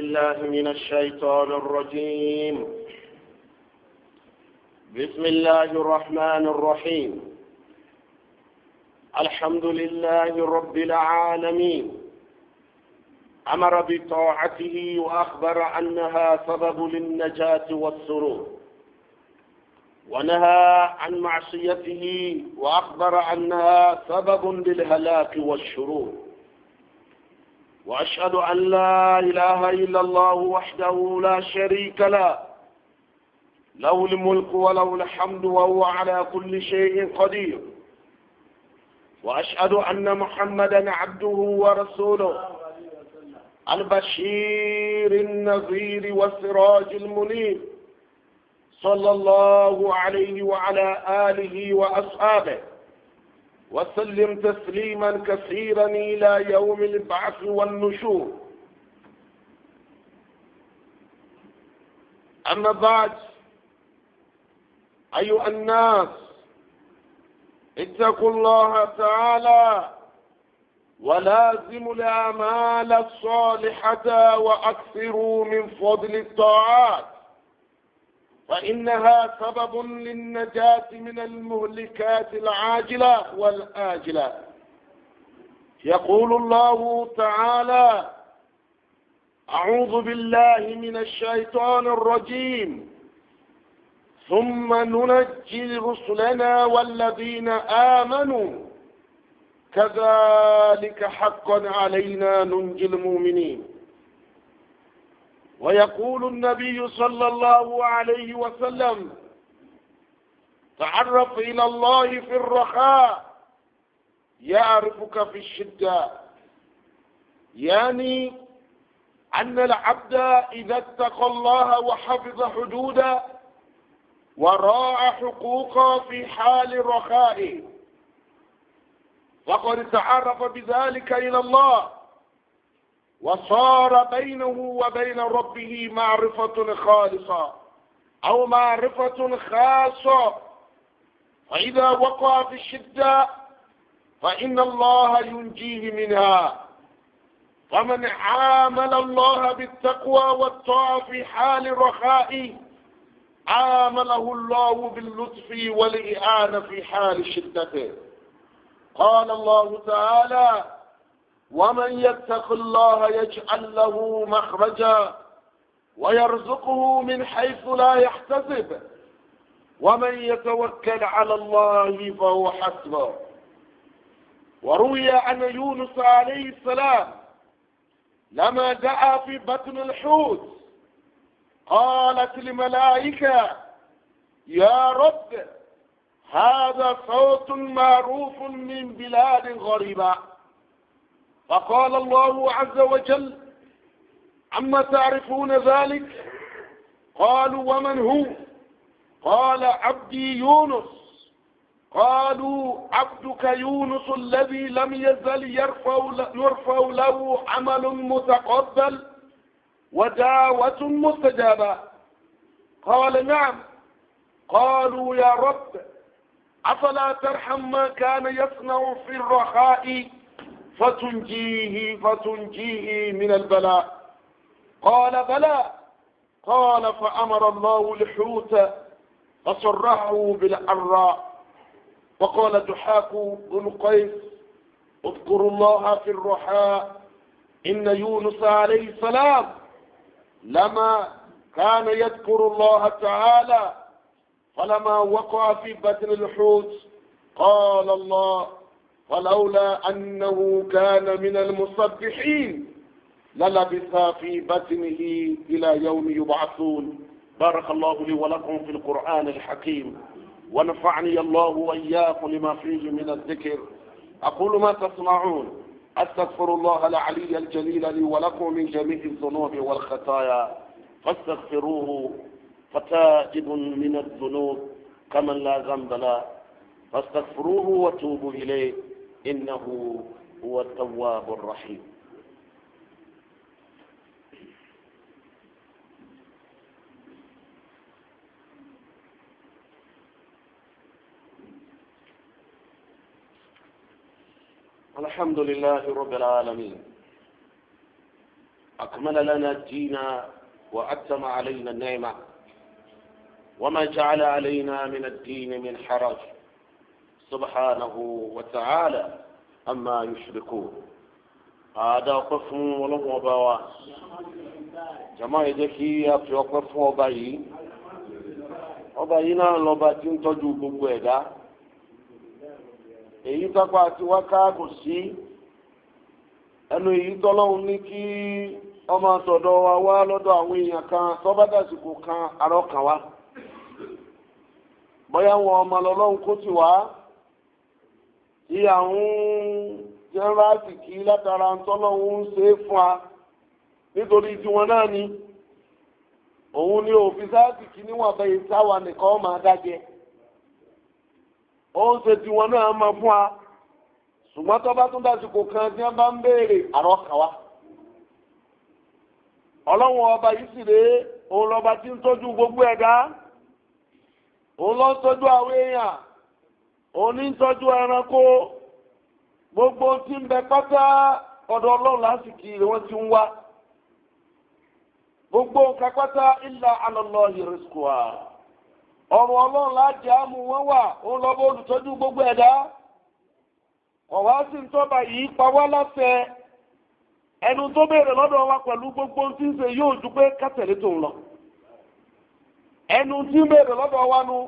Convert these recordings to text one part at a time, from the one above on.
بالله من الشيطان الرجيم بسم الله الرحمن الرحيم الحمد لله رب العالمين أمر بطاعته وأخبر أنها سبب للنجاة والسرور ونهى عن معصيته وأخبر أنها سبب للهلاك والشرور وأشهد أن لا إله إلا الله وحده لا شريك له له الملك وله الحمد وهو على كل شيء قدير وأشهد أن محمدا عبده ورسوله البشير النذير والسراج المنير صلى الله عليه وعلى آله وأصحابه وسلم تسليما كثيرا إلى يوم البعث والنشور أما بعد أيها الناس اتقوا الله تعالى ولازموا الأعمال الصالحة وأكثروا من فضل الطاعات فإنها سبب للنجاة من المهلكات العاجلة والآجلة يقول الله تعالى أعوذ بالله من الشيطان الرجيم ثم ننجي رسلنا والذين آمنوا كذلك حقا علينا ننجي المؤمنين ويقول النبي صلى الله عليه وسلم تعرف إلى الله في الرخاء يعرفك في الشدة يعني أن العبد إذا اتقى الله وحفظ حدوده وراعى حقوقه في حال رخائه فقد تعرف بذلك إلى الله وصار بينه وبين ربه معرفة خالصة أو معرفة خاصة فإذا وقع في الشدة فإن الله ينجيه منها فمن عامل الله بالتقوى والطاعة في حال الرخاء عامله الله باللطف والإعانة في حال شدته قال الله تعالى ومن يتق الله يجعل له مخرجا ويرزقه من حيث لا يحتسب ومن يتوكل على الله فهو حسبه وروي عن يونس عليه السلام لما دعا في بطن الحوت قالت الملائكة يا رب هذا صوت معروف من بلاد غريبة فقال الله عز وجل عما تعرفون ذلك قالوا ومن هو قال عبدي يونس قالوا عبدك يونس الذي لم يزل يرفع يرفع له عمل متقبل ودعوة مستجابة قال نعم قالوا يا رب أفلا ترحم ما كان يصنع في الرخاء فتنجيه فتنجيه من البلاء قال بلى قال فأمر الله الحوت فصرعه بالعراء وقال دحاك بن قيس اذكروا الله في الرحاء إن يونس عليه السلام لما كان يذكر الله تعالى فلما وقع في بطن الحوت قال الله ولولا أنه كان من المصبحين للبث في بطنه إلى يوم يبعثون بارك الله لي ولكم في القرآن الحكيم ونفعني الله وإياكم لما فيه من الذكر أقول ما تصنعون أستغفر الله العلي الجليل لي ولكم من جميع الذنوب والخطايا فاستغفروه فتائب من الذنوب كمن لا ذنب له فاستغفروه وتوبوا إليه إنه هو التواب الرحيم الحمد لله رب العالمين أكمل لنا الدين وأتم علينا النعمة وما جعل علينا من الدين من حرج سبحانه وتعالى أما يشركون àádá ọpẹ́ fún ọlọ́run ọba wa jama yìí jẹ́ kí a fi ọpẹ́ fún ọba yìí ọba tí ń gbogbo sí ẹnu èyí tọ́lọ́run ní kí ọmọ àtọ̀dọ̀ wa wá lọ́dọ̀ àwọn èèyàn kan tọ́bádàsìkò kan arọ́kàn wa bóyá ìyà ń jẹ́ráàtì kí látara tọ́lọ́hún ń ṣe é fún wa nítorí tiwọn náà ni òun ni òfin sáàtì kí níwọ̀n bẹ́ẹ̀ sáwà nìkan máa dájẹ́ ó ń ṣe tiwọn náà máa fún wa ṣùgbọ́n tó bá tún dásìkò kan tí wọ́n bá ń béèrè àrọ́ ọlọ́run ọba yìí sì rèé òun lọ́ba tí ń tọ́jú gbogbo ẹ̀dá òun lọ́ tọ́jú àwọn èèyàn. onítọ́jú ẹranko gbogbo tí ń bẹ pátá ọ̀dọ̀ ọlọ́run lásìkò rẹ̀ wọ́n ti ń wá gbogbo nǹkan pátá illa ala Allahi rizquha ọ̀rọ̀ ọlọ́run láti àmú wọn wà ó lọ bó olùtọ́jú gbogbo ẹ̀dá ọ̀wá sì ń tọ́ba yìí pa wá láfẹ́ ẹnu tó béèrè lọ́dọ̀ gbogbo tí ń ṣe yóò ju pé kátẹ̀lé tó ń lọ ẹnu tí ń béèrè lọ́dọ̀ wa nu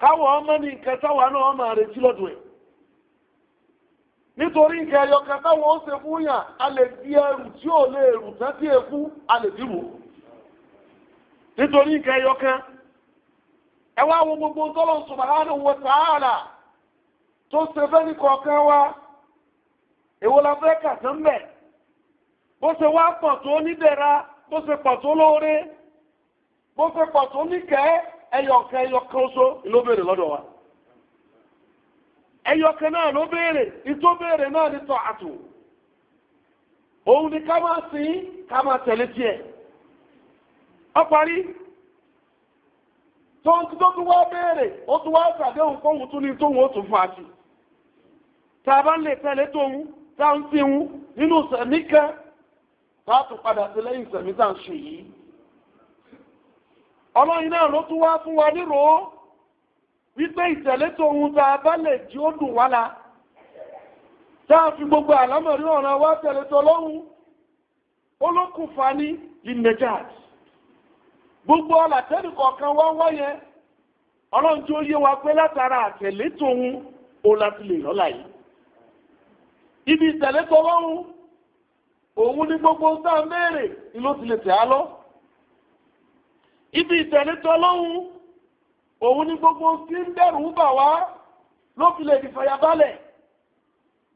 káwọ̀ ọmọ ní nǹkan táwà náà ọmọ rẹ̀ tí lọ́dún ẹ̀ nítorí nǹkan ẹyọkan táwọn ó ṣe fún yàn a lè di ẹrù tí ò lè rù tán tí èkú a lè dìrù nítorí nǹkan ẹyọkan ẹ wá wo gbogbo tọ́lọ̀ subhanahu wa ta'ala tó ṣe fẹ́ ní kọ̀ọ̀kan wa èwo la fẹ́ kà sí mbẹ̀ bó ṣe wá pọ̀ tó nídẹ̀ra bó ṣe pọ̀ tó lóore bó ṣe pọ̀ tó níkẹ́ẹ́ ẹyọkan ẹyọkan oṣó ló lọ́dọ̀ wa náà ló béèrè ìtó náà ní tọ́ àtù òun ni ká máa sìn ká máa tẹ̀lé tó ń tó wá béèrè ó wá ní ó tún fún àti tá a bá lè tẹ̀lé tóhun tá a ń sìn nínú sẹ̀mí kan tá a tún padà sí lẹ́yìn sẹ̀mí ọlọ́yin náà ló tún wá fún wa nírò wípé ìtẹ̀lé tòun tá a bá jí la fi gbogbo àlámọ̀rí ọ̀ràn wá tẹ̀lé tọ́lọ́hún olókùnfà ní linejad gbogbo ọlàtẹ́nì kọ̀ọ̀kan wá wáyẹ ọlọ́run tí ó yé wa pé látara àtẹ̀lé ó láti ibi ìtẹ̀lé òun ní gbogbo sáà mẹ́rẹ̀ ti ibi ìtẹ̀lé tọ́lọ́hún òun ni gbogbo tí ń bẹ̀rù bà wá ló fi lè dìfàyàbálẹ̀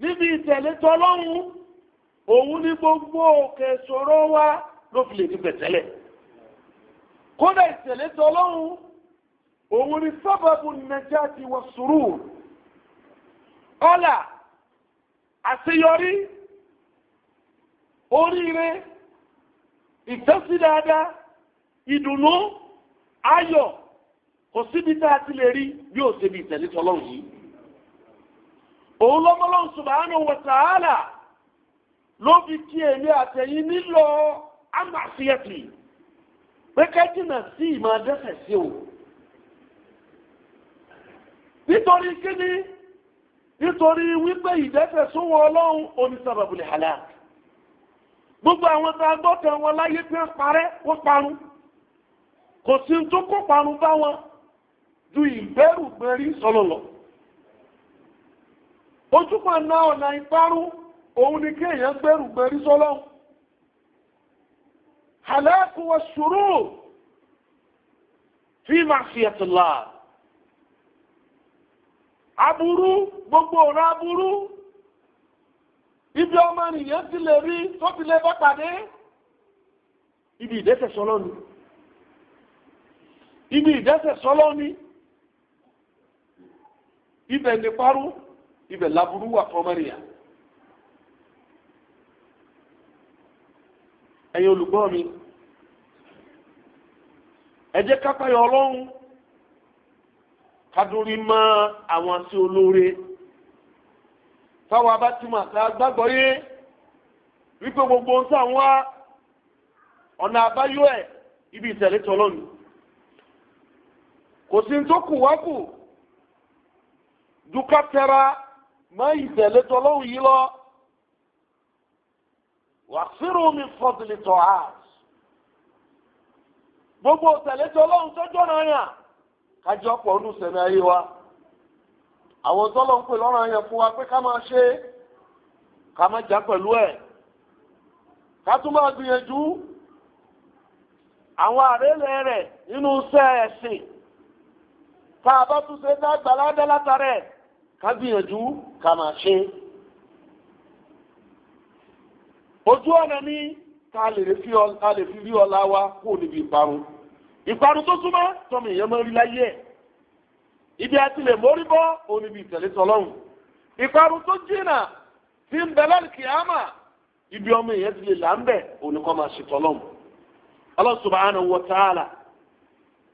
níbi ìtẹ̀lé tọ́lọ́hún òun ni gbogbo òkè ṣòro wa ló fi lè dìbẹ̀tẹ́lẹ̀ kódà ìtẹ̀lé tọ́lọ́hún òun ni sábàbù najati wa surur ọlà àṣeyọrí oríire ìtẹ́sí dáadáa ìdùnnú ayọ̀ kò síbi tá a ti lè rí bí ó ṣe bí ìtẹ̀lé tọ́lọ́run yìí òun lọ́mọlọ́run subhanahu wa ta'ala ló fi kí èmi àtẹ̀yìn nílò amàṣíyẹ̀tì pé kẹ́jìnà sí ìmọ̀ dẹ́ṣẹ̀ sí o nítorí kíni nítorí wípé ìdẹ́ṣẹ̀ súnwọ́ ọlọ́run onísàbàbùlẹ̀ halak gbogbo àwọn tá a gbọ́ tẹ wọn láyé pé parẹ́ wọ́n parun kò sí tó kó parun bá wọn ju ìgbẹ́rù gbẹ̀rí sọlọ̀lọ̀ ojúpọ̀ náà ọ̀nà ìparun òun ni kí èèyàn gbẹ̀rù gbẹ̀rí sọlọ̀hún halaku wa ṣòro fi ma'siyatillah aburú gbogbo ọ̀rọ̀ aburú ibi ọmọ nìyẹn ti lè rí tó ti lè bá pàdé ibi ìdẹ́tẹ̀sọ́lọ́nu ibi ìdẹ́sẹ̀ sọ́lọ́ ní ibẹ̀ ní parú ibẹ̀ laburú wà fọmọ́nìyà ẹ̀yin olùgbọ́ mi ẹ jẹ́ kápáyọ ọlọ́run kádúrí mọ́ àwọn sí olóore táwọn abátìmọ̀ àti gbàgbọ́ wípé gbogbo ohun táwọn ọ̀nà àbáyọ ẹ̀ ibi ìtẹ̀lẹ́tọ̀ ọlọ́run kò sí tó kù wá kù dùkà lọ wà sírò mi fọ́dúlì tọ́ gbogbo tẹ̀lé tọ́lọ́hùn tọ́jọ́ náà yàn kájọ pọ̀ ọdún ayé wa àwọn tọ́lọ́ pè lọ́rọ̀ yẹn fún wa pé ká máa ṣe ká máa jà pẹ̀lú ẹ̀ ká tún tá a bá tún ṣe tá a gbàládá látara ẹ̀ ká gbìyànjú ká máa ṣe. ojú ọ̀nà ni ká lè fi rí ọlá wa kó níbi ìparun ìparun tó súnmọ́ tọmọ èèyàn máa rí láyé ẹ̀ ibi àti lè mórí bọ́ ó níbi ìtẹ̀lé tọlọ́hùn ìparun tó jìnnà tí ń bẹ lálùkì àmà ibi ọmọ èèyàn ti lè là ń bẹ̀ ó ní kó máa ṣe tọlọ́hùn Allah subhanahu wa ta'ala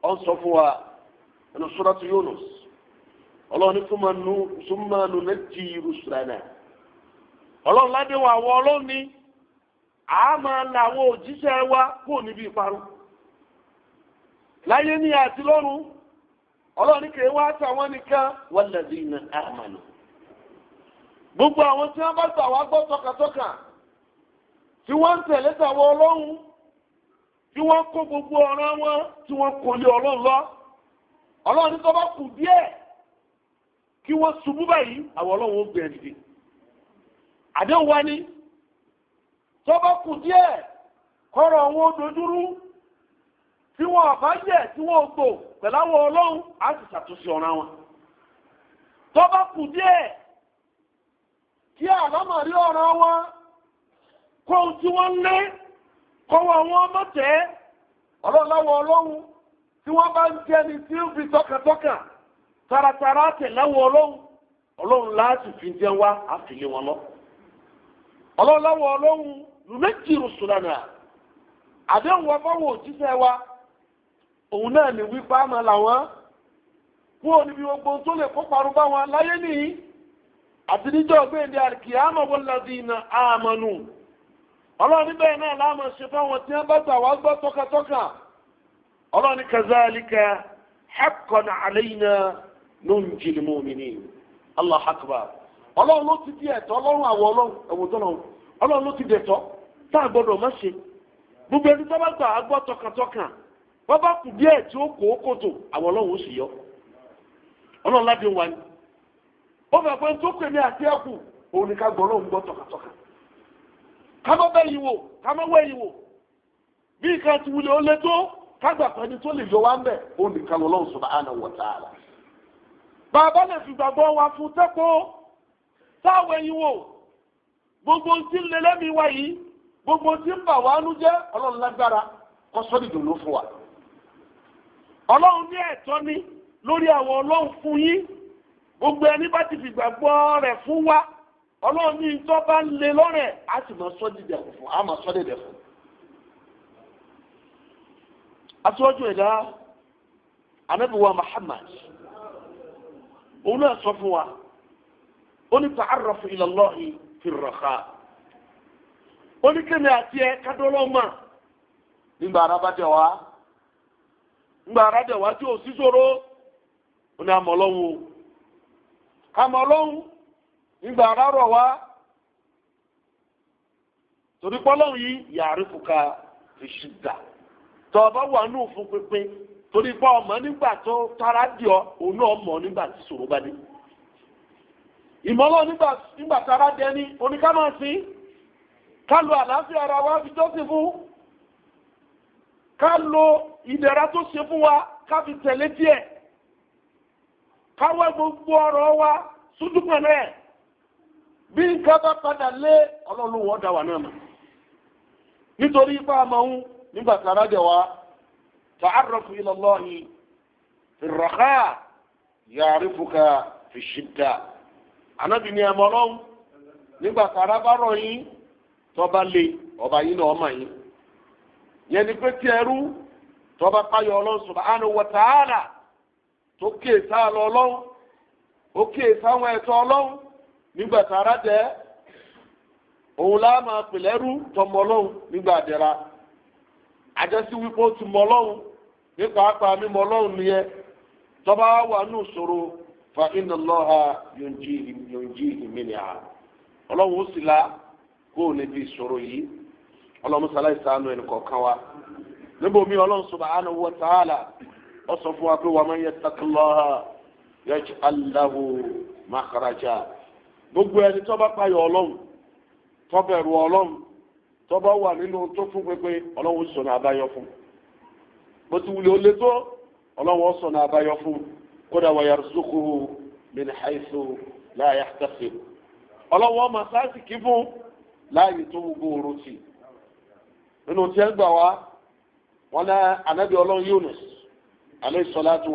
ó ń sọ fún wa ẹnu suratu Yunus ọlọ́run ní fún manu sumanu ní ti rusulana ọlọ́run ládé wa wọ ọlọ́run ní a máa la àwọn òjíṣẹ́ wa kúrò níbi ìparun láyé ní àti lọ́run ọlọ́run ní kèé wá àtàwọn nìkan walladhina amanu gbogbo àwọn tí wọ́n bá gbà wá gbọ́ tọkàtọkà tí wọ́n ń tẹ̀lé tàwọn ọlọ́run tí wọ́n kó gbogbo ọ̀ràn wọn tí wọ́n kò lé ọlọ́run lọ ọlọ́run tó bá kù díẹ̀ kí wọ́n ṣubú báyìí àwọn ọlọ́run ó gbé ẹ̀dìdì àdéhùn wa ni tó bá kù díẹ̀ kọ́rọ̀ wọn ó dojúrú tí wọn ọ̀bá jẹ́ tí wọn ò gbò pẹ̀láwọ̀ ọlọ́run á sì ṣàtúnṣe ọ̀ràn wọn tó bá kù díẹ̀ kí àlámọ̀rí ọ̀ràn wọn kóhun tí wọ́n ń lé kọ́wọ́ wọn mọ̀tẹ́ ọlọ́láwọ̀ ọlọ́run tí wọ́n bá ń jẹ́ ni tí ó fi tọkàtọkà taratara tẹ̀láwọ̀ ọlọ́run ọlọ́run láti fi jẹ́ wá àfìlé wọn lọ. ọlọ́run láwọ̀ ọlọ́run lùmẹ́jì rùsùlánà àdéhùn wọn fọwọ́ òjíṣẹ́ wa òun náà ní wípé àmọ́ làwọn fún oníbi gbogbo tó lè kó parun bá wọn láyé nìyí àti níjọ́ gbéǹde àrìkì àmọ́ wọn lọ́dí iná àmọ́nù ọlọ́run níbẹ̀ náà láàmọ̀ ṣe fáwọn tí wọ́n bá gbà wá gbọ́ tọkàtọkà. ọlọ́ni kazalika haqqan allah ọlọ́run ló ti di ẹ̀tọ́ ọlọ́run àwọ̀ ọlọ́run ọlọ́run ló ti di ẹ̀tọ́ tá a gbọ́dọ̀ má ṣe gbogbo ẹni tó bá gbà á gbọ́ tọkàntọkàn wọ́n bá kù díẹ̀ tí ó kó kòtò àwọn ọlọ́run ó sì yọ ọlọ́run láti wà ní. ó fẹ́ pé tó pè kágbà pé ẹni tó lè yọ wá ń bẹ̀ ó nìkan lọ́lọ́run subhanahu wa bàbá lè fi gbàgbọ́ wa fún tẹ́kọ̀ táwọn ẹyin wò gbogbo ti ń mi wa yìí gbogbo ti ń bà wá nú jẹ́ ọlọ́run lágbára kọ́ fún wa. ọlọ́run ní ẹ̀tọ́ ni lórí àwọn ọlọ́run fún yín gbogbo ẹni bá ti fi gbàgbọ́ rẹ̀ fún wa ọlọ́run ní ìtọ́ bá le lọ́rẹ̀ á sì máa aṣíwájú ẹ̀dá anabuwa Muhammad òun náà sọ fún wa ó ní ta'arrafu ila fi raha ó ní kémi àti ẹ kádọ́lọ́mà nígbà ara bá dẹ̀ nígbà ara dẹ̀ tí ò sí ṣòro ó ní àmọ́ àmọ́ nígbà ara rọ̀ wá torí yìí fi shidda. tọ́ ọba wà nù fún pínpín torí pé ọmọ nígbà tó tara ọ òun náà mọ̀ nígbà tí ṣòro bá dé ìmọ̀lọ́ nígbà tara dẹni oníkámọ̀sí ká lo àlàáfíà ara wa fi jọ́sìn fún ká lo ìdẹ̀ra tó ṣe fún wa ká fi tẹ̀lé díẹ̀ ká wá gbogbo ọ̀rọ̀ wa sójúkàn náà bí nǹkan bá padà lé ọlọ́run wọn dá wà náà mọ̀ nítorí ipá àmọ́ nígbà tí ara jẹ wa ta'arrafu ila Allahi fi raha fi shidda anabi ni ẹmọ lọ́hùn nígbà tí ara bá rọ̀ yín lé ọba yín náà ọmọ yín yẹn ni pé tí ẹrú tọ́ba payọ̀ ọlọ́run subhanahu wa ta'ala tó kéè sáà lọ ọlọ́run ó sáwọn ẹ̀tọ́ nígbà tí jẹ òun láà máa àjọsí wípé ó ti mọ ọlọ́run nípa apá mímọ ọlọ́run nìyẹn tọ́ba wà ní ìṣòro fa iná lọ́ha yonjí ìmìnira ọlọ́run ó sì la kó o níbi ìṣòro yìí ọlọ́run sàlàyé sànù ẹnì kọ̀ọ̀kan wa níbo mi ọlọ́run ó sọ fún wa pé gbogbo ẹni tọ́ba ọlọ́run tọ́ba wà nínú tó fún pépé ọlọ́run sọ̀nà àbáyọ fún bó ti wulẹ̀ ó lé tó ọlọ́run sọ̀nà àbáyọ fún kódà wà yarzuquhu min haythu la yahtasib ọlọ́run ọmọ sáàsì kí fún láàyè tó anabi ọlọ́run Yunus alayhi salatu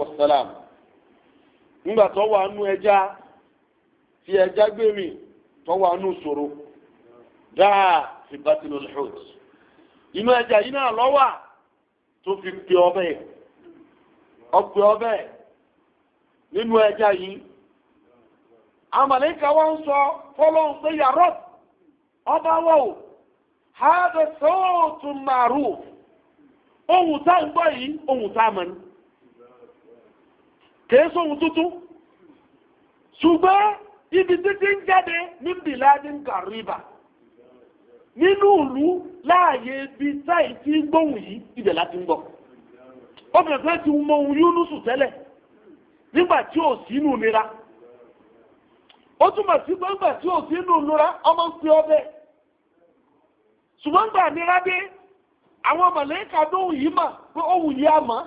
ńgbà tó wà nú ẹja tí ẹja gbé mi fi bátìlú lẹ́hùd inú ẹja yìí náà lọ́wà tó fi pe ọbẹ̀ ọgbẹ ọbẹ̀ nínú ẹja yìí àmàlẹ́kà wọ́n sọ fọ́lọ́hùn pé yàrá ọba wọ̀ ò hádẹ sọ́ọ̀tù màrú ohun tá ń gbọ́ yìí ohun tá mọ̀ ní kèé sóhun tuntun ṣùgbọ́n ibi títí ń jáde níbi ládín kàríbà nínú ìlú láàyè ibi táì tí ń gbóhùn yìí ibẹ̀ láti ń gbọ́ obìnrin kan ti mọ ohun yúnúsù tẹ́lẹ̀ nígbà tí ò sínú nira ó túmọ̀ sí pé nígbà tí ò sínú nira ọmọ ń pe ọbẹ̀ ṣùgbọ́n gbà nira dé àwọn mọ̀lẹ́kà lóhùn yìí mà pé ohun yìí á mọ̀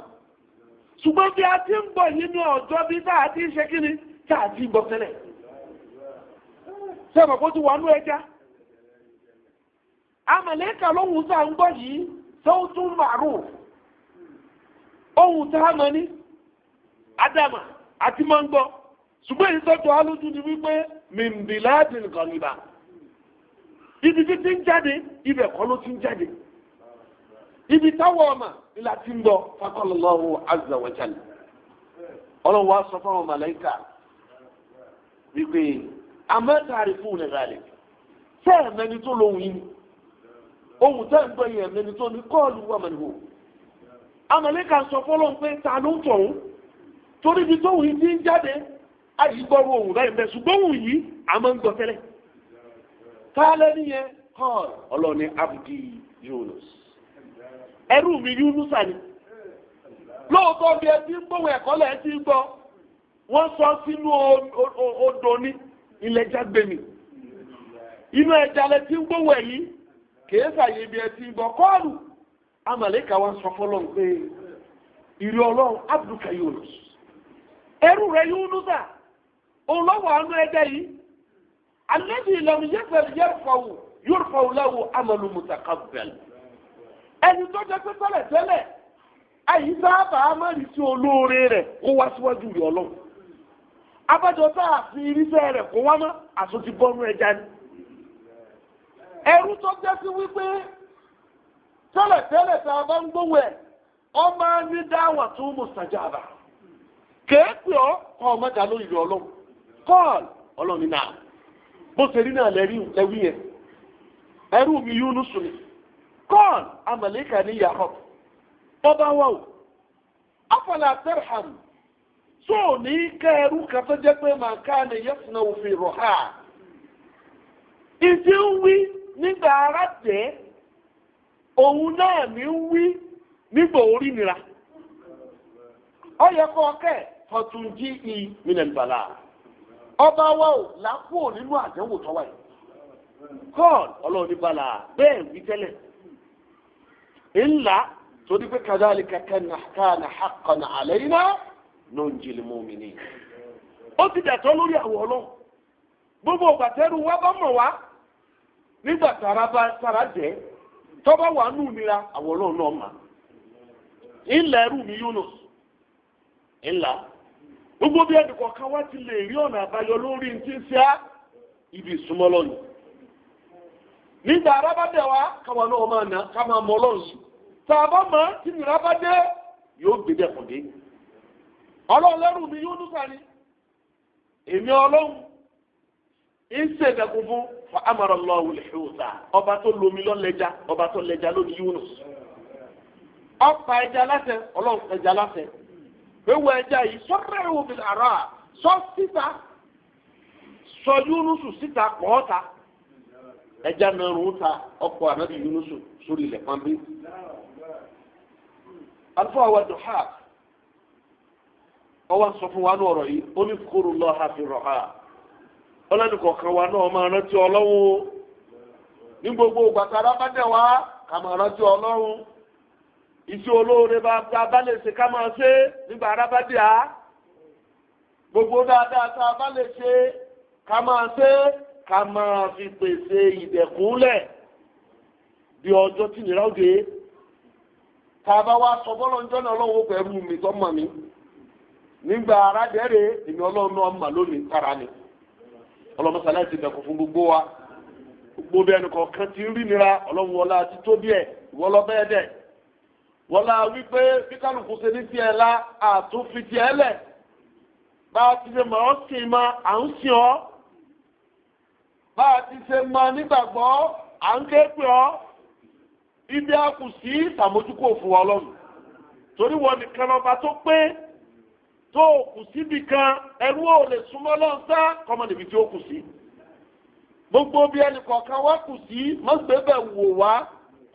ṣùgbọ́n bí a ti ń gbọ́ yìí ní ọjọ́ bí tá a ti ń ṣe kí ni ti ń gbọ́ tẹ́lẹ̀ ṣé kó ti wà ẹja amàlẹ́kà lóhun tá à ń gbọ́ yìí sọ́ọ̀tún màrún ohun tá a mọ̀ ní ádámà àti máa ń gbọ́ ṣùgbọ́n èyí tọ́jú alójú ni wípé mìǹbìláàdì nìkan níbà ibi tí ti ń jáde ibẹ̀ kọ́ ló ti ń jáde ibi táwọ̀ ọmọ ìlà ti ń bọ̀ fakọlọ́lọ́hu azza wa jalla ọlọ́run wa sọ fún màlẹ́kà wípé amẹ́ta àrífún nìkan rẹ̀ sẹ́ẹ̀mẹ́ni tó lóhun yìí ohun tẹ́ ń gbọ́ yẹn lẹ́ni tó ní kọ́ọ̀lù wà mẹ́lìwò amẹ́lẹ́kà sọ fọ́lọ́ pé ta ló ń tọ̀hún torí ibi tóhùn yìí ti ń jáde àyíkọ́rù ohun báyìí bẹ́ẹ̀ ṣùgbọ́n ohun yìí a máa ń gbọ́ tẹ́lẹ̀ káálẹ́ nìyẹn kọ́ọ̀lù ọlọ́ni abdi Yunus ẹrú mi Yunus àní lóòótọ́ bí ẹ ti ń gbóhùn ẹ̀kọ́ lẹ̀ ẹ ti ń gbọ́ wọ́n sọ sínú odò ní ilẹ̀ jágbe mi inú ẹja lẹ ti ń gbóhùn ẹ̀ yìí kèé sàyè bịa ẹtí bọ̀ kọ́ọ̀lù wa sọ fọlọ́n Iri ìrì abdulka Yunus ẹrú rẹ Yunus à olówó anu ẹgbẹ́ yìí alẹ́bí ìlànà yẹ́fẹ̀lì yẹ́fọ̀wù yọ̀fọ̀wù láwù amalu mutakabbal ẹni tó jẹ́ pé tẹ́lẹ̀ tẹ́lẹ̀ àyí sábà amárì sí olóore re kó wá síwájú ìrì abájọ a fi kó wá eru tó jẹ́ sí wípé tẹ́lẹ̀tẹ́lẹ̀ tá bá ń gbówó ẹ̀ ọ máa ní dáwà tó mustajaba kéèpì ọ kọ́ ọmọdà lórí ìlú ọlọ́run kọ́ọ̀l ọlọ́run nínú bó ṣe rí náà lẹ́rí ẹwí yẹn ẹrú mi ni kọ́ọ̀l amẹ̀lẹ́kà ní Yakub ọba wa o afọlá tẹ́rhàm tó ní ká ẹrú kan tó jẹ́ pé yẹ́sùn náà òfin rọ̀ ha ìdí ń nígbà ara jẹ́ òun náà ní ń wí nígbà orí ọ yẹ kọ́ ọkẹ́ tọ̀tún jí i mìnàlùbàlà ọba wa ò lápò nínú àdánwò tọ́wà yìí kọ́ọ̀n ọlọ́ọ̀ni bẹ́ẹ̀ wí tẹ́lẹ̀ ńlá torí pé kàdáàlì kẹkẹ́ nàkàna haqqan alayna ló ń jìlì ó ti dàtọ́ lórí àwọn ọlọ́ gbogbo bá mọ̀ wá. nígbà tára bá tára jẹ́ wà nù nira àwọn náà mà ńlá ẹrú mi Yunus ńlá gbogbo bí ẹnì kọ̀ọ̀kan wá ti lè rí ọ̀nà àbáyọ lórí ń ibi ìsúnmọ́ lọ́nà nígbà wa káwa náà máa nà ká máa mọ ọlọ́run sí tá a tí nira bá dé yóò gbé dé ọlọ́run mi Yunus èmi ọlọ́run ìṣe kankan fún fa amara Allahu ọba tó lomi lọ́lẹ́jà ọba tó lẹ́jà lórí Yunus ọ̀pá ẹja láṣẹ ọlọ́run ẹja láṣẹ wíwọ ẹja yìí sọ́rẹ́ ìwò bìlà ara sọ síta sọ Yunusu síta pọ̀ọ́ta ẹja náà rún ta ọkọ̀ ànábì Yunusu sórí ilẹ̀ pọ́nbí. alfa wa ọwọ́ sọ fún wa ní ọ̀rọ̀ yìí ó ní kúrò lọ́ha fi rọ̀ ha. ọlọ́nìkọ̀ kan wa náà máa rántí ọlọ́run ní gbogbo gbàtàrà bá dẹ̀ wá ká máa rántí ọlọ́run iṣẹ́ olóore bá bá bá lè ṣe ká máa ṣe nígbà ara bá dẹ̀ á gbogbo dáadáa tá a bá lè ṣe ká máa ṣe ká máa fi pèsè ìdẹ̀kúnlẹ̀ bí ọjọ́ tí nira ó dé tá a bá wá sọ bọ́lọ̀ níjọ́ náà ọlọ́run pẹ̀lú mi tọ́ mọ̀ mi nígbà ara èmi ọlọ́run náà mà lónìí tara ni ọlọ́mọsá láti bẹ̀kọ̀ fún gbogbo wa gbogbo bí ẹnì kọ̀ọ̀kan ti rí nira ọlọ́run wọlá ti tó bí ẹ̀ wọlọ́bẹ́ẹ̀ dẹ̀ wọlá wípé bí ṣe ní tiẹ̀ la àtúnfi tiẹ̀ lẹ̀ bá a ti ṣe mọ̀ ọ́ sìn ma à ń sìn ọ́ bá a ti ṣe mọ̀ nígbàgbọ́ à ń ké pè ọ́ ibi a kù sí ìsàmójúkò fún ọlọ́run torí wọn nìkan lọ́ba tó pé tó o kù síbi kan ẹrú ò lè súnmọ́ lọ́nsá kọ́mọ níbi tí ó kù sí. gbogbo bí ẹnì kọ̀ọ̀kan wá kù sí mọ́gbẹ́bẹ̀ wò wá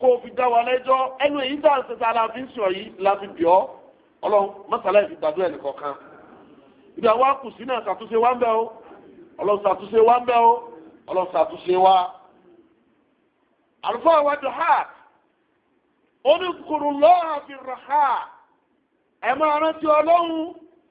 kó o fi dá wa lẹ́jọ́ ẹnu èyí tá à ń ṣẹta la fi ń sọ yìí la fi bì ọ́ ọlọ́run mọ́sálá ìfi gbàdúrà ẹnì kọ̀ọ̀kan. ibi àwa kù sí náà ṣàtúnṣe wá ń bẹ́ o ọlọ́run ṣàtúnṣe wá ń bẹ́ o ọlọ́run ṣàtúnṣe wá. àlùfáà wa dùn hà ó lọ́ọ̀ àfi rà hà ẹ̀ máa rántí ọlọ́run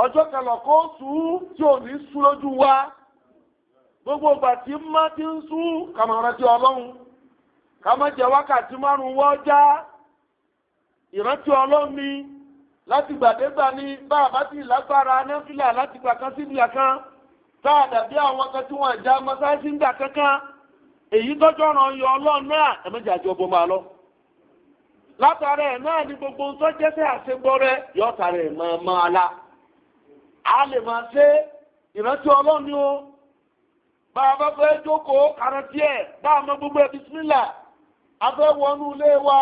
ọjọ́ kẹlọ̀ sú tí ò ní sú lójú wa gbogbo ọgbà tí má ti ń sú kàmá rántí ọlọ́run kàmá jẹ wákàtí márùn wọ́n já ìrántí ọlọ́run ni láti gbàdégbà ni bá a bá ti lágbára nẹ́fìlà láti gbà kan sí ìgbà kan tá a dàbí àwọn kan tí wọ́n já mọ́sáàsì gbogbo ń a lè máa ṣe ìrántí ọlọ́run ni ó bá a bá fẹ́ jókòó karántí ẹ̀ bá a mọ gbogbo ẹ̀ bisimilà a fẹ́ wọnú ilé wa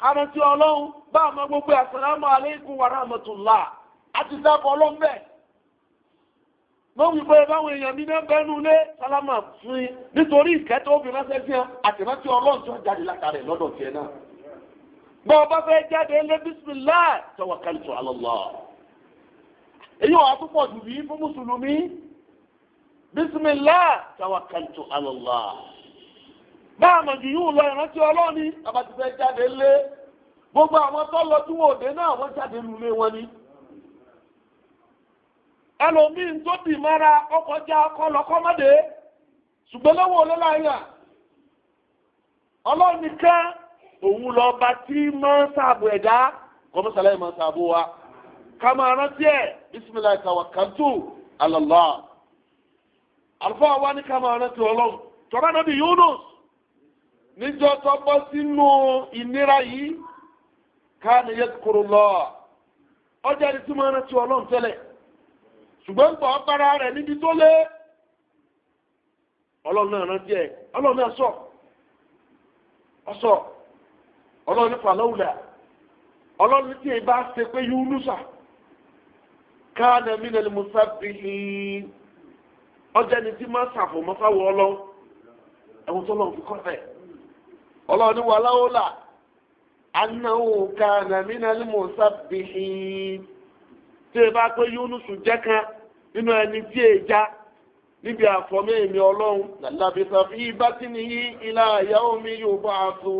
karántí ọlọ́run bá a mọ gbogbo ẹ̀ assalamu alaikum wa rahmatullah a ti dábọ̀ ọlọ́run bẹ́ẹ̀ mo wí pé báwọn èèyàn mi náà bẹ́nu ilé sálámà fún yín nítorí ìkẹ́tọ́ obìnrin ṣe fi hàn àtìrántí ọlọ́run tó jáde látara lọ́dọ̀ tiẹ̀ náà bọ́ ọ bá fẹ́ jáde lé bísímilláà èyí wà púpọ̀ jù bí fún mùsùlùmí bísímìlá tawakkaltu ala Allah báà mà jù yóò lọ ìrántí ọlọ́ọ̀ni bàbá jáde lé gbogbo àwọn tó lọ tí wọn ò dé náà wọ́n jáde lulẹ̀ wọn ni ẹlòmíín tó dì mọ́ra ọkọjá kama ran tiɛ bisimilayi ka kantu alala alifa wa ni kama ran tiɛ olu tora na bi yunus ni jɔtɔ bɔ sinu inira yi ka ni ye kuru lɔ o jɛri tuma ran tiɛ olu tɛlɛ sugbɛn gbɔ baara rɛ ni bi tole olu na ran tiɛ olu na sɔ ɔsɔ olu ni falawu la olu ni tiɛ i b'a se yunusa. káàdà mí lẹ́nu musa bihi ọjà ni tí máa sàfò mọ́fà wọ́ lọ ẹ̀wọ̀n tó lọ́n fi kọ́ fẹ́ ọlọ́ọ̀ni wà láwọ́là anáwó káàdà mí lẹ́nu musa bihi tí ẹ bá pé Yúnúsù jẹ́ kan nínú ẹni tí ẹ já níbi àfọ̀mí èmi ọlọ́run làbẹ̀sà fi bá ni yí ilá ìyàwó mi yóò bá a tó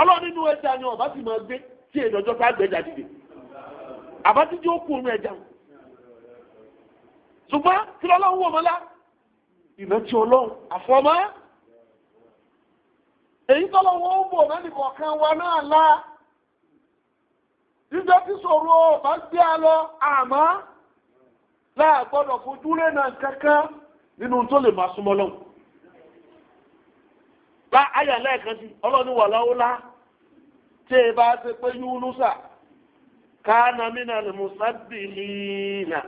ọlọ́ọ̀ni nínú ẹja ni ọba ti máa gbé tí èdè ọjọ́ ká gbẹ́jà dìde àbájíjí ó kú omi ẹja ṣùgbọ́n kí lọ́lọ́run wò mọ́lá ìrántí ọlọ́run àfọmọ́ èyí tọ́lọ́run ó bò mẹ́ni kọ̀ọ̀kan wa náà la jíjọ tí sọ̀rọ̀ bá gbé a lọ àmọ́ láàgbọ́dọ̀ fojú rẹ̀nà kankan nínú tó lè máa súnmọ́ lọ́hùn bá ayà lẹ́ẹ̀kan sí ọlọ́run wà láwọ́lá tí ẹ bá ṣe pé yúnúṣà kánà mínà lè mùsàbí hìínà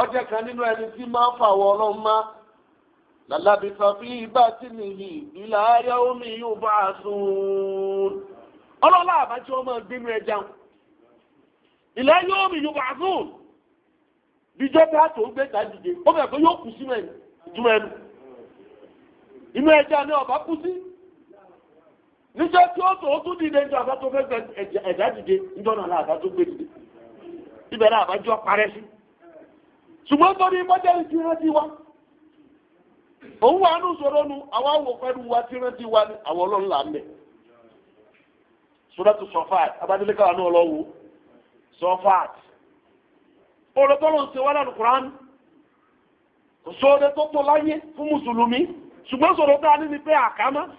ọjà kan nínú ẹni tí máa ń fàwọ ọlọ́run má làlábì fàfi ibà tí nìyí ìlà ayé omi yóò bá a sùn ọlọ́lá àbájọ́ ọmọ gbínú ẹja ìlà ayé omi yóò bá a sùn bíjọ́ bá tó ń gbé ta dìde ó bẹ̀rẹ̀ pé yóò kù sínú ẹ̀ ìtumọ̀ inú ẹja ni ọba kú sí níjẹ́ tí ó tó ó tún dìde níjọ́ àbá tó fẹ́ gbẹ ẹ̀dá dìde níjọ́ náà láàbá tó gbé dìde ibẹ̀ náà àbájọ́ parẹ́ sí ṣùgbọ́n tó ní mọ́jẹ́ ìdí rántí wa òun wà nù sọ̀rọ̀ nu àwa wò pẹ̀lú wa tí rántí wa ni àwọn ọlọ́run là ń bẹ̀ sọ́dọ̀tù sọ́fàt abádélé káwa náà lọ́wọ́ sọ́fàt olùtọ́lọ́ ṣe wá lánàá kúrán sọ́dọ̀ tó tó láyé fún mùsùlùmí ṣùgbọ́n sọ̀rọ̀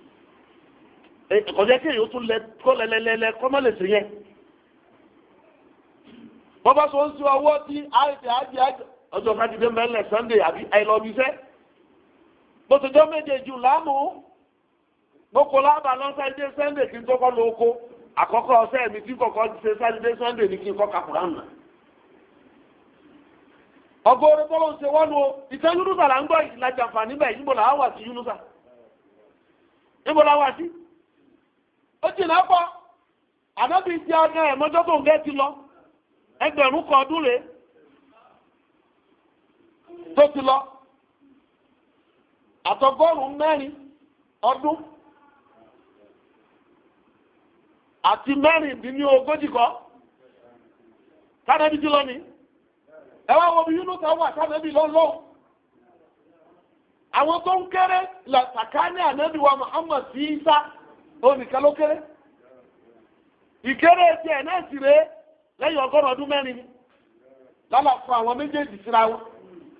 kọjá kí èyí ó tún lẹ kọ́ lẹ́lẹ́lẹ́lẹ́ má lè ṣe bọ́bá sọ ń sí ọwọ́ tí àìsẹ̀ àjẹ àjẹ ọjọ́ sátidé mẹ́lẹ̀ sunday àbí àìlọ́bíṣẹ́ bó ti jọ́ méje jù láàmú gboko lábàá lọ sátidé sunday kí n tó kọ́ lọ oko àkọ́kọ́ ọ̀sẹ̀ mi tí kọ́kọ́ ṣe sátidé sunday ní kí n kọ́ kakura nà. ọgọ́ orí bọ́lá ń ṣe wọ́n nu ìtẹ́ yunusa là ń gbọ́ ìlàjàǹfà níbẹ̀ ìyíbọ̀lá wà sí yunusa ìyíbọ̀lá wà sí. jìnnà pọ̀ ànábì jẹ́ ọdún ẹ̀ mọ́jọ́ tó ń gẹ́ ti lọ ẹgbẹ̀rún kan ọdún rèé tó ti lọ ọdún àti ní ogójì ni wọn bí yúnú àwọn tó ń kéré wa Muhammad sí Isa ìkéré ẹ̀jẹ̀ náà sì rèé lẹ́yìn ọgọ́rùn ọdún mẹ́rin ni lálà fún àwọn méjèèjì síra wọn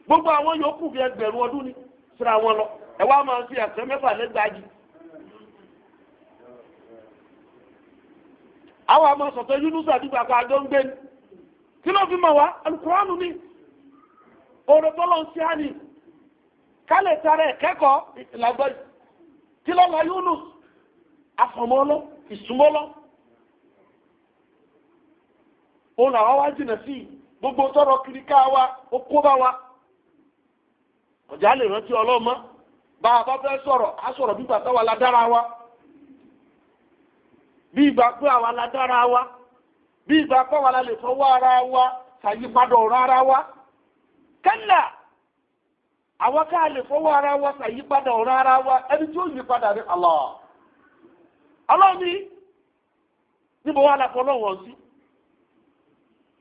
gbogbo àwọn yòókù bí ẹgbẹ̀rún ọdún ni síra wọn lọ ẹ wá máa fi ẹ̀sẹ̀ mẹ́fà lẹ́gbàájì. àwọn àmọ́ sọ̀tọ̀ Yunusa àdúgbò àpá àjọ ń gbé ni kí ló fi mọ̀ wá alukóránù ni ọ̀rọ̀ bọ́lọ̀ ń ṣe á ní kálẹ̀ tara ẹ̀ kẹ́kọ̀ọ́ ìlàgbọ́ yìí kí lọ́la Yunus àfọ̀mọ́lọ́ ìsúmọ́lọ́ òun làwọn wá jìnà sí gbogbo tọrọ kiri ká wa ó kó bá wa Ọjà lè rántí ọlọ́mọ bá a bá fẹ́ sọ̀rọ̀ á sọ̀rọ̀ bí bàtà wa ládára wa bí ìgbà pé àwa wa bí ìgbà pé àwa la lè fọwọ́ ara wa ṣàyípadà ọ̀rọ̀ ara wa kẹ́là àwọn ká lè fọwọ́ ara wa ṣàyípadà ọ̀rọ̀ ara wa ẹni tí ó yí padà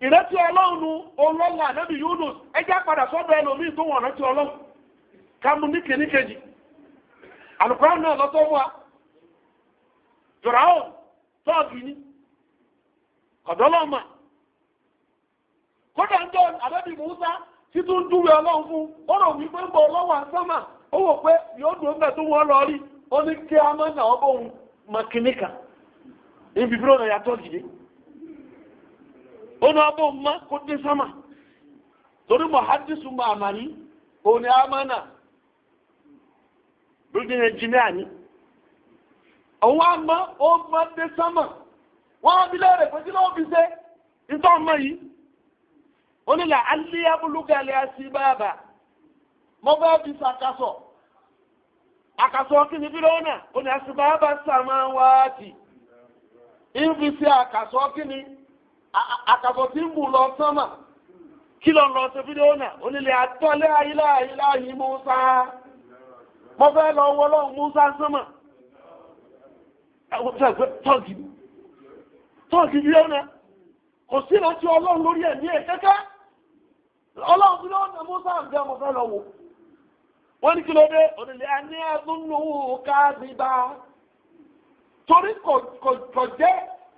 ìrètí ọlọ́run nu olóńgbò ànábì Yunus ẹjẹ́ padà sọ́dọ̀ ẹlòmíì tó wọ̀n rántí ọlọ́run kámú ní kìíní kejì àlùkòrán náà lọ́tọ́ wà jọ̀ráhùn tọ́ọ̀gì ni ọ̀dọ́lọ́mà kódà ń jọ ànábì Musa títún dúwe ọlọ́run fún ó rò wípé onu ní mma mọ́ sama dé sámà torí mọ̀hádìsù mọ̀ ni amánà building engineer ni òun á mọ́ ó mọ́ dé sámà wọ́n á bí lẹ́rẹ̀ bi kí ló fi ṣe ìtọ́ ọmọ yìí ó ní là mo ni àkàbọ̀ tí ń bù lọ sánmà kí lọ lọ sí fídíò náà onílé àtọ́lé ayíláyíláyí Musa mo fẹ́ lọ wọ lọ́hùn Musa sánmà tọ́ọ̀gì tọ́ọ̀gì fídíò náà kò sí lọ sí ọlọ́run lórí ẹ̀mí ẹ̀ kẹ́kẹ́ ọlọ́run fídíò náà Musa ń bẹ́ fẹ́ lọ wọ́n ní kí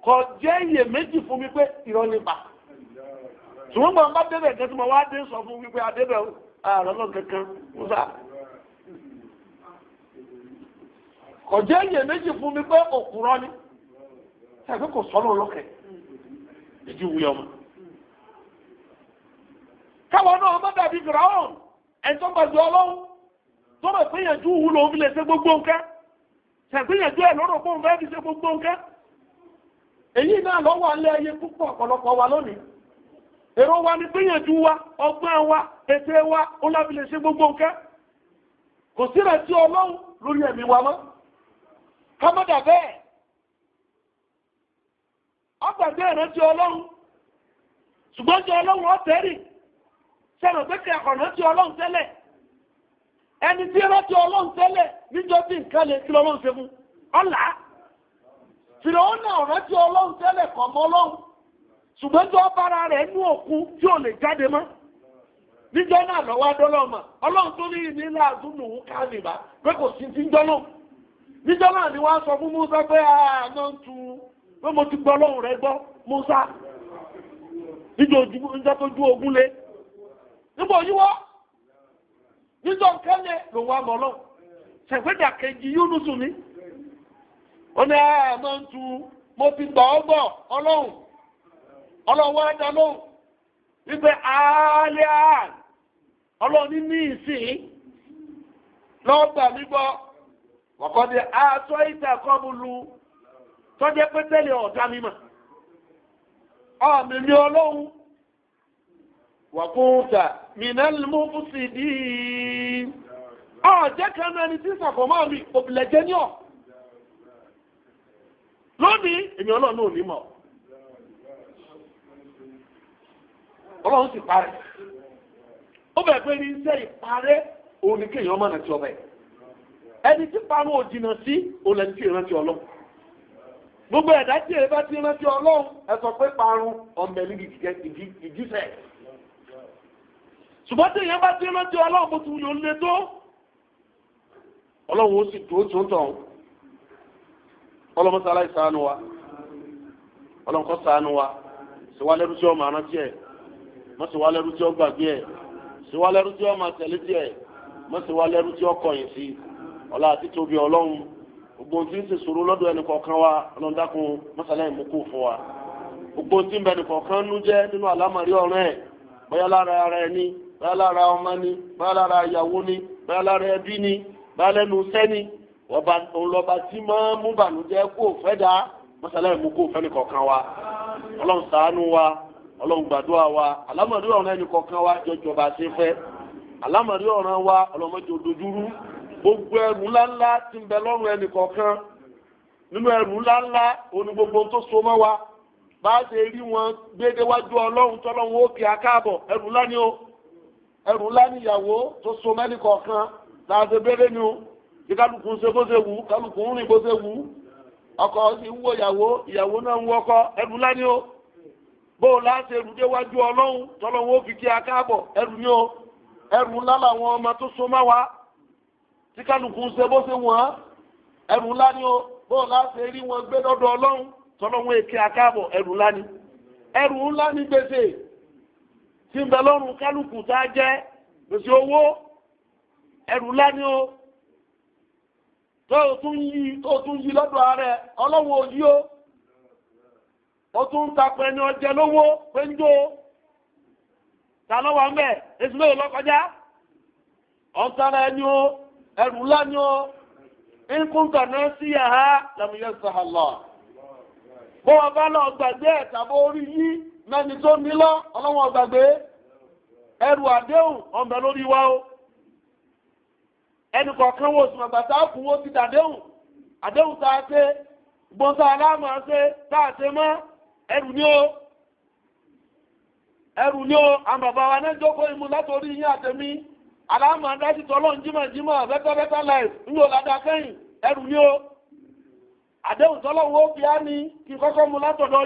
kọ jẹ́ iye méjì fún mi pé irọ́ nípa ṣùgbọ́n gbọ́n bá débẹ̀ kẹ́tí mo wá dé sọ fún wípé adébẹ̀ ààrẹ kankan musa kò jẹ́ mi òkúrọ́ kò sọ́nà káwọn náà dàbí gbàgbé ọlọ́run tó pé yẹn èyí náà ala alẹ́ ayé púpọ̀ ọ̀pọ̀lọpọ̀ wa lónìí èrò wa ni gbìyànjú wa ọgbọ́n wa ètè wa ó lábi lè ṣe gbogbo nke kò sí rẹ̀ ọlọ́run lórí ẹ̀mí wa mọ́ kámọ́dà bẹ́ẹ̀ ọgbàgbé ìrántí ọlọ́run ṣùgbọ́n jẹ́ ọlọ́run ọ̀tẹ́rì sẹ́nà pé kí ọ̀nà ọlọ́run tẹ́lẹ̀ ẹni tí ọlọ́run tẹ́lẹ̀ níjọ́ nǹkan náà rẹ̀ tí ọlọ́run tẹ́lẹ̀ kọ̀ mọ́ ọlọ́run ṣùgbọ́n tí wọ́n bára rẹ̀ ní òkú tí ò lè jáde mọ́ níjọ́ náà lọ́wọ́ adọ́lọ́mà ọlọ́run tó ní ìní láàzú nù ún káàlìbá pé kò sí ti jọ́ náà níjọ́ sọ fún Musa pé ń tu pé mo ti gbọ́ Musa níjọ́ ogun lé níjọ́ lòun àmọ́ ọlọ́run ó ní ẹ máa ń tu mo ti gbọ́ ọ gbọ́ ọlọ́run ọlọ́run wá dá lóhùn wípé àálẹ́ àán ọlọ́run ní ní ìsìn lọ́gbà mi gbọ́ wọ̀kọ́dé aṣọ ìtàkọ́bùlù tọ́jẹ́ pé tẹ́lẹ̀ ọ̀dá mi mà ọ̀mì mi ọlọ́run wọ̀kúnta mìnàlùmọ́ fún sí ìdí ọ̀jẹ́ kan náà tí sàkọ́mọ́ mi òbílẹ̀jẹ́ ní ọ̀ lónìí èmi ọlọ́run ò ní mọ̀ ọlọ́run sì parẹ́ ó bẹ̀rẹ̀ pé ní iṣẹ́ ìparẹ́ òun ni kéèyàn máa nà ti ọbẹ̀ ẹni tí parun ò jìnnà sí òun lẹni tí ìrántí ọlọ́run gbogbo ẹ̀dá tí èyí bá ti rántí ọlọ́run ẹ sọ pé parun ọmọ ẹni ìjísẹ̀ ṣùgbọ́n tí èyí bá ti rántí ọlọ́run bó ti wúlò lé tó ọlọ́run ó sì tó tó tán ọlọ́mọ sálá ìsànù wa ọlọ́mọ sànù wa sèwálẹ́rú tí ọmọ arántí ẹ̀ mọ sèwálẹ́rú tí ó gbàgbé ẹ̀ sèwálẹ́rú tí ọmọ àtẹ̀lé tí ẹ̀ mọ sèwálẹ́rú tí ó kọ̀yìn sí ọlá àti tóbi ọlọ́run gbogbo tí ń ṣe sòro lọ́dọ̀ ẹnì kọ̀ọ̀kan wa ọlọ́run dákun mọ́sálá ìmú kò fún wa gbogbo tí ń bẹ ẹnì kọ̀ọ̀kan nú jẹ́ nínú àlámọ̀rí ọ̀rẹ́ ẹ̀ bóyá lára ara ẹni bóyá lára ọmọ ni bóyá lára ìyàwó ni bóyá lára ẹbí ni bóyá lẹ́nu ọba ọlọba tí máa mú bànújẹ́ kó fẹ́ dá mọ́sálẹ́ mú kó fẹ́ nìkọ̀ọ̀kan wa ọlọ́run ṣàánú wa ọlọ́run gbàdúrà wa alámọ̀rí ọ̀ràn ẹnìkọ̀ọ̀kan wa jọjọ bá ṣe fẹ́ alámọ̀rí ọ̀ràn wa ọlọ́mọdé òdòdúrú gbogbo ẹrù ńláńlá ti ń bẹ lọ́rùn ẹnìkọ̀ọ̀kan nínú ẹrù ńláńlá oní gbogbo tó so mọ́ wa bá a ṣe rí wọn gbédéwájú ọlọ́run tọ́lọ́run ó kì á ẹrù ńlá ni o ẹrù ńlá ni ìyàwó tó so mọ́ ẹnìkọ̀ọ̀kan láti bẹ́rẹ̀ ni o kí kálukú ń ṣe bó ṣe wù ú kálukú ń rìn bó ṣe wù ú ọkọ sì ń wo ìyàwó ìyàwó náà ń wọkọ ẹrù lání o bó o láti ẹrù déwájú ọlọ́run tọ́lọ́run ó fi kí a ẹrù ni o ẹrù ńlá làwọn ọmọ tó so má wa tí kálukú ń ṣe bó ṣe wù án ẹrù ńlá ni o bó o láti rí wọn gbé dọ́dọ̀ ọlọ́run tọ́lọ́run èké a ẹrù ńlá ni ẹrù ńlá ni gbèsè tí ń bẹ lọ́rùn kálukú tá a jẹ gbèsè owó ẹrù ńlá ni o. tó tún yí tún yí lọ́dọ̀ ààrẹ ọlọ́wọ́ òyí ó ó tún ọjẹ́ lówó pé ń jó ta lọ́wọ́ ń bẹ̀ èsì lóye lọ́kọjá ọ̀ntara ẹni ó ẹrù ńlá ni ó nkúntà náà sí yàrá làmúyẹ sàhàlọ́ bó wọn bá lọ gbàgbé ẹ̀ tàbí orí yí mẹ́ni tó ọlọ́wọ́ gbàgbé ẹrù àdéhùn ẹnì kọ̀ọ̀kan wo òsùn àgbàtà kù wo ti dàdéhùn àdéhùn tá a ṣe gbọ́nsá aláàmà ṣe tá mọ́ ẹrù ni ó ẹrù ni ó àwọn wa náà jókòó imú látòrí yín àtẹ̀mí aláàmà dájú tọ́lọ́ jímọ̀jímọ̀ ń lò ládà kẹ́yìn ẹrù ó àdéhùn tọ́lọ́ bí á ní kí kọ́kọ́ mu látọ̀dọ̀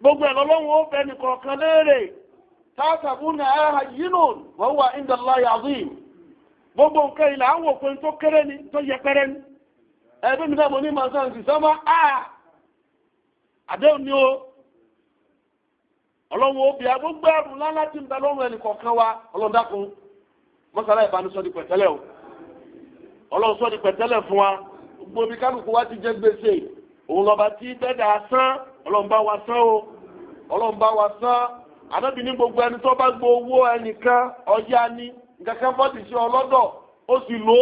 gbogbo ẹ̀lọ́lọ́wọ́ gbogbo nǹkan ilẹ̀ àwọn òpin tó kéré ni tó yẹpẹrẹ ni ẹbí mi náà mo ní máa sọ ǹsì sọ́mọ́ àà àdéhùn ni o ọlọ́run obì agbógbó ẹrù ńláńlá tí ń bẹ ẹnì kọ̀ọ̀kan wa ọlọ́run dákun mọ́sálá ìbánisọ́ di pẹ̀tẹ́lẹ̀ o ọlọ́run sọ́ di pẹ̀tẹ́lẹ̀ fún wa gbogbo ibi kálukú wa ti jẹ gbèsè òun lọ́ba tí bẹ́ẹ̀dà sán ọlọ́run bá wa sán o ọlọ́run bá wa sán àdébìní gbogbo ẹni tó bá gbowó ẹnìkan ọjà ni nǹkan bọ́ ti ṣe ọlọ́dọ̀ ó sì lo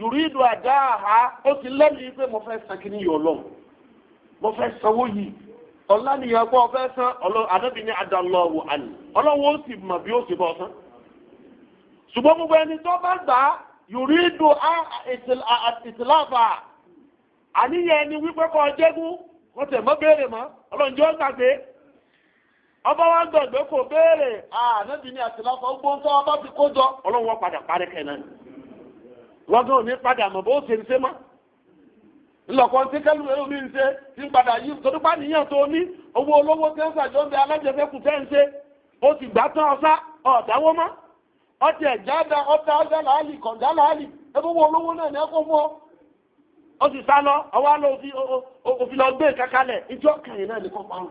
ó ìdò àdá àhá ó ti lẹ́mìí pé mo fẹ́ san kíní yọ lọ mo fẹ́ sanwó yìí ọ̀la nìyẹn pé ọ fẹ́ san àdébí ní adàlọ́wò àlè ọlọ́wọ́ ó sì mọ̀ bí ó sì bọ̀ san ṣùgbọ́n gbogbo ẹni tó bá gbà á ìdò ọba wa gbàgbé kò béèrè ah, ànábì ní àtìláfọ gbóńtọ ọba ti kó jọ ọlọ́run wọn padà parí kẹ́nà wọn gan ní padà mọ̀ bó ṣe ń ṣe mọ́ ńlọkọ tí kẹlù ẹ̀rọ mi ń ṣe ti padà yí torí pa nìyẹn tó ní owó olówó tẹ́ ń ṣàjọ ń bẹ alájẹsẹ́kù tẹ́ ń ṣe ó ti gbà tán ọ̀sá ọ̀dáwó mọ́ ọtí ẹ̀já da ọ̀dá ọ̀dá làálì kọ̀ǹdá làálì ẹgbẹ́ owó olówó náà ní ẹ̀kọ́ fún ọ ó sì sá lọ ọwọ́ àlọ́ òfin lọ gbé ìkákalẹ̀ ìjọ kẹrin náà ní kọ́ parun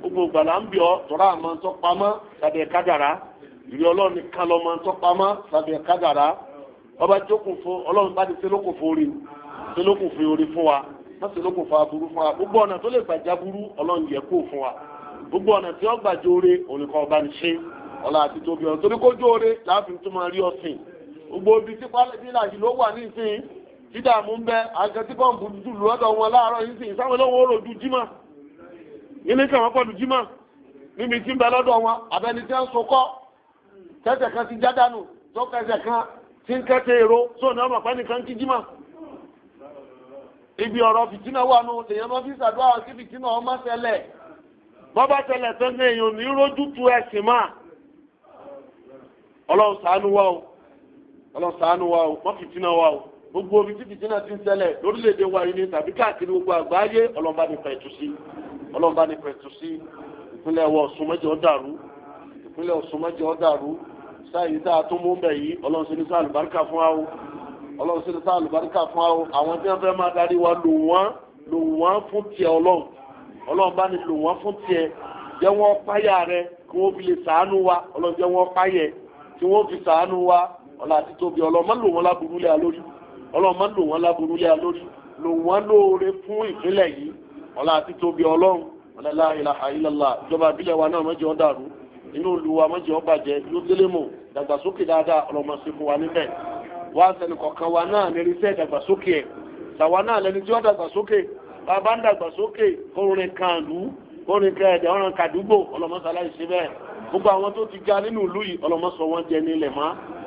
gbogbo gbàlà ń bíọ́ tọ́ra àmọ́ tó pamọ́ tàbí kádàrá ìrì ọlọ́run ní kan lọ́mọ tó pamọ́ tàbí kádàrá ọba jókòó fún ọlọ́run bá ti sẹ́lókò fún orí sẹ́lókò fún orí fún wa má sẹ́lókò fún aburú fún wa gbogbo ọ̀nà tó lè gbàjá burú ọlọ́run yẹ kó fún wa gbogbo ọ̀nà tí ó gbàjọ oore ònìkan ọba ní ṣe ọ̀la àti tóbi ọ̀nà torí kójú oore láàfin tó máa rí ọ̀sìn gbogbo ibi tí pálẹ́bílà yìí ló ń bẹ àgẹ́tí pọ́ǹpù dùdù lọ́dọ̀ wọn láàárọ̀ yìí sìn sáwọn olówó rò jimá nílé kí àwọn pẹ̀lú jímọ̀ níbi tí ń bẹ lọ́dọ̀ wọn abẹni tí sokọ́ tẹ́tẹ̀ kan ti já tó kan ti ń kẹ́tẹ̀ èrò sóòní ọmọ pẹ́ nìkan kí jímọ̀ ibi ọ̀rọ̀ fìtínà wà nù lèyàn máa fi ṣàdúrà sí fìtínà ọmọ ṣẹlẹ̀ bọ́bá ṣẹlẹ̀ tẹ́lẹ̀ èèyàn ní rójú tu ẹ̀sìn ọlọ́run wa o gbogbo tí fìtínà ti ń ọlọ́run bá ní pẹ̀tù sí ìpínlẹ̀ wọ Ọ̀ṣun mẹ́jọ dàrú ìpínlẹ̀ Ọ̀ṣun mẹ́jọ dàrú sáyé tá a tún mú bẹ̀ yìí ọlọ́run sí ní sáà lùbáríkà fún àwọn ọlọ́run sí ní sáà lùbáríkà fún àwọn àwọn tí wọ́n fẹ́ máa darí wa lò wọ́n lò wọ́n fún tiẹ̀ ọlọ́run ọlọ́run bá ní lò wọ́n fún tiẹ̀ jẹ́ wọ́n páyà rẹ kí wọ́n fi lè sàánú wa ọlọ́run jẹ́ wọ́n páyẹ kí wọ́n fi sàánú wa ọlọ́run àti tóbi ọlọ́run má lò wọ́n láburú lé ọlá àti tóbi ọlọ́run ọlọ́lá ìlàhà ìlàlá ìjọba ìbílẹ̀ wa náà mọ́jọ́ dàrú inú ìlú wa mọ́jọ́ bàjẹ́ ìlú délẹ́mọ̀ dàgbàsókè dáadáa ọlọ́mọ sí fún wa níbẹ̀ wá sẹ́ni kọ̀ọ̀kan wa náà lérí sẹ́ dàgbàsókè ẹ̀ tàwa náà lẹni tí wọ́n dàgbàsókè bàbá ń dàgbàsókè orin kan orin kan ẹ̀dẹ̀ ọ̀ràn kàdúgbò ọlọ́mọ sáláì bẹ́ẹ̀ gbogbo àwọn tó ti ga nínú ìlú yìí ọlọ́mọ sọ wọ́n jẹ nílẹ̀ mọ́